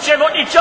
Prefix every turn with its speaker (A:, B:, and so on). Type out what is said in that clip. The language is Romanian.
A: przewodniczący!